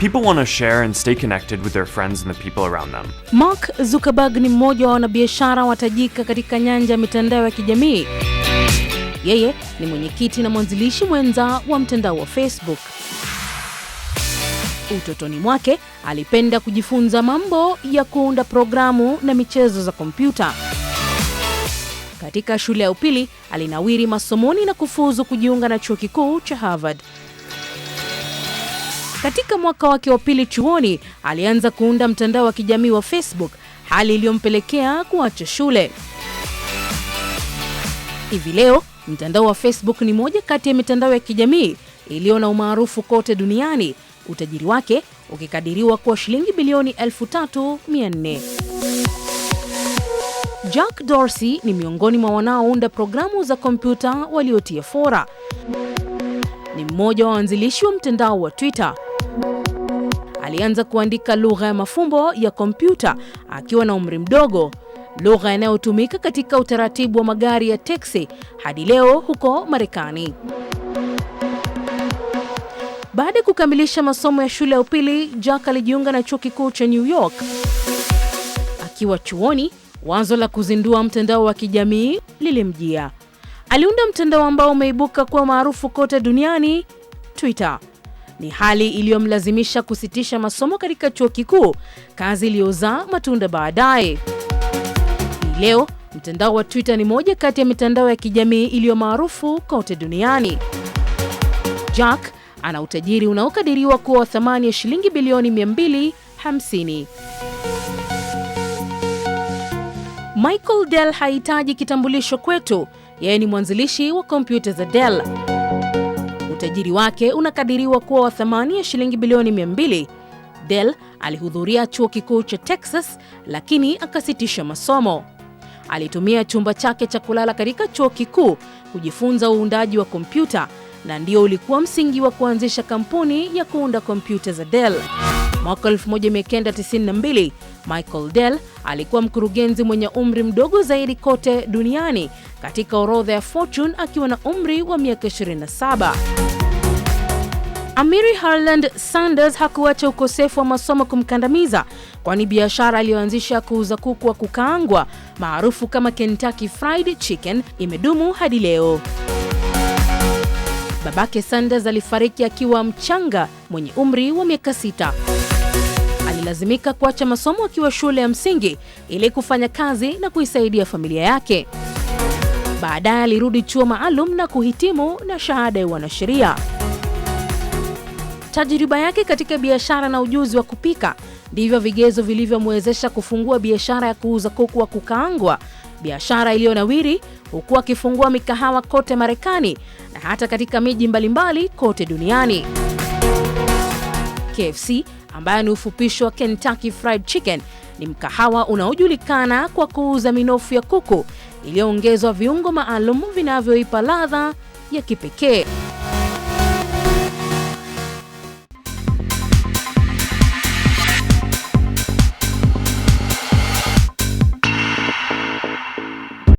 People want to share and stay connected with their friends and the people around them. Mark Zuckerberg ni mmoja wa wanabiashara watajika katika nyanja ya mitandao ya kijamii. Yeye ni mwenyekiti na mwanzilishi mwenza wa mtandao wa Facebook. Utotoni mwake alipenda kujifunza mambo ya kuunda programu na michezo za kompyuta. Katika shule ya upili alinawiri masomoni na kufuzu kujiunga na chuo kikuu cha Harvard. Katika mwaka wake wa pili chuoni, alianza kuunda mtandao wa kijamii wa Facebook, hali iliyompelekea kuacha shule. Hivi leo mtandao wa Facebook ni moja kati ya mitandao ya kijamii iliyo na umaarufu kote duniani, utajiri wake ukikadiriwa kuwa shilingi bilioni 3400. Jack Dorsey ni miongoni mwa wanaounda programu za kompyuta waliotia fora. Ni mmoja wa waanzilishi wa mtandao wa Twitter alianza kuandika lugha ya mafumbo ya kompyuta akiwa na umri mdogo, lugha inayotumika katika utaratibu wa magari ya teksi hadi leo huko Marekani. Baada ya kukamilisha masomo ya shule ya upili, Jack alijiunga na chuo kikuu cha New York. Akiwa chuoni, wazo la kuzindua mtandao wa kijamii lilimjia. Aliunda mtandao ambao umeibuka kuwa maarufu kote duniani, Twitter. Ni hali iliyomlazimisha kusitisha masomo katika chuo kikuu, kazi iliyozaa matunda baadaye. Leo mtandao wa Twitter ni moja kati ya mitandao ya kijamii iliyo maarufu kote duniani. Jack ana utajiri unaokadiriwa kuwa wa thamani ya shilingi bilioni 250. Michael Dell hahitaji kitambulisho kwetu, yeye ni mwanzilishi wa kompyuta za Dell utajiri wake unakadiriwa kuwa wa thamani ya shilingi bilioni 200. Dell alihudhuria chuo kikuu cha Texas lakini akasitisha masomo. Alitumia chumba chake cha kulala katika chuo kikuu kujifunza uundaji wa kompyuta na ndio ulikuwa msingi wa kuanzisha kampuni ya kuunda kompyuta za Dell. Mwaka 1992, Michael Dell alikuwa mkurugenzi mwenye umri mdogo zaidi kote duniani katika orodha ya Fortune akiwa na umri wa miaka 27. Amiri Harland Sanders hakuacha ukosefu wa masomo kumkandamiza, kwani biashara aliyoanzisha kuuza kuku wa kukaangwa maarufu kama Kentucky Fried Chicken imedumu hadi leo. Babake Sanders alifariki akiwa mchanga mwenye umri wa miaka sita. Alilazimika kuacha masomo akiwa shule ya msingi ili kufanya kazi na kuisaidia familia yake. Baadaye alirudi chuo maalum na kuhitimu na shahada ya wanasheria. Tajriba yake katika biashara na ujuzi wa kupika ndivyo vigezo vilivyomwezesha kufungua biashara ya kuuza kuku wa kukaangwa, biashara iliyonawiri huku akifungua mikahawa kote Marekani na hata katika miji mbalimbali kote duniani. KFC ambayo ni ufupisho wa Kentucky Fried Chicken ni mkahawa unaojulikana kwa kuuza minofu ya kuku iliyoongezwa viungo maalum vinavyoipa ladha ya kipekee.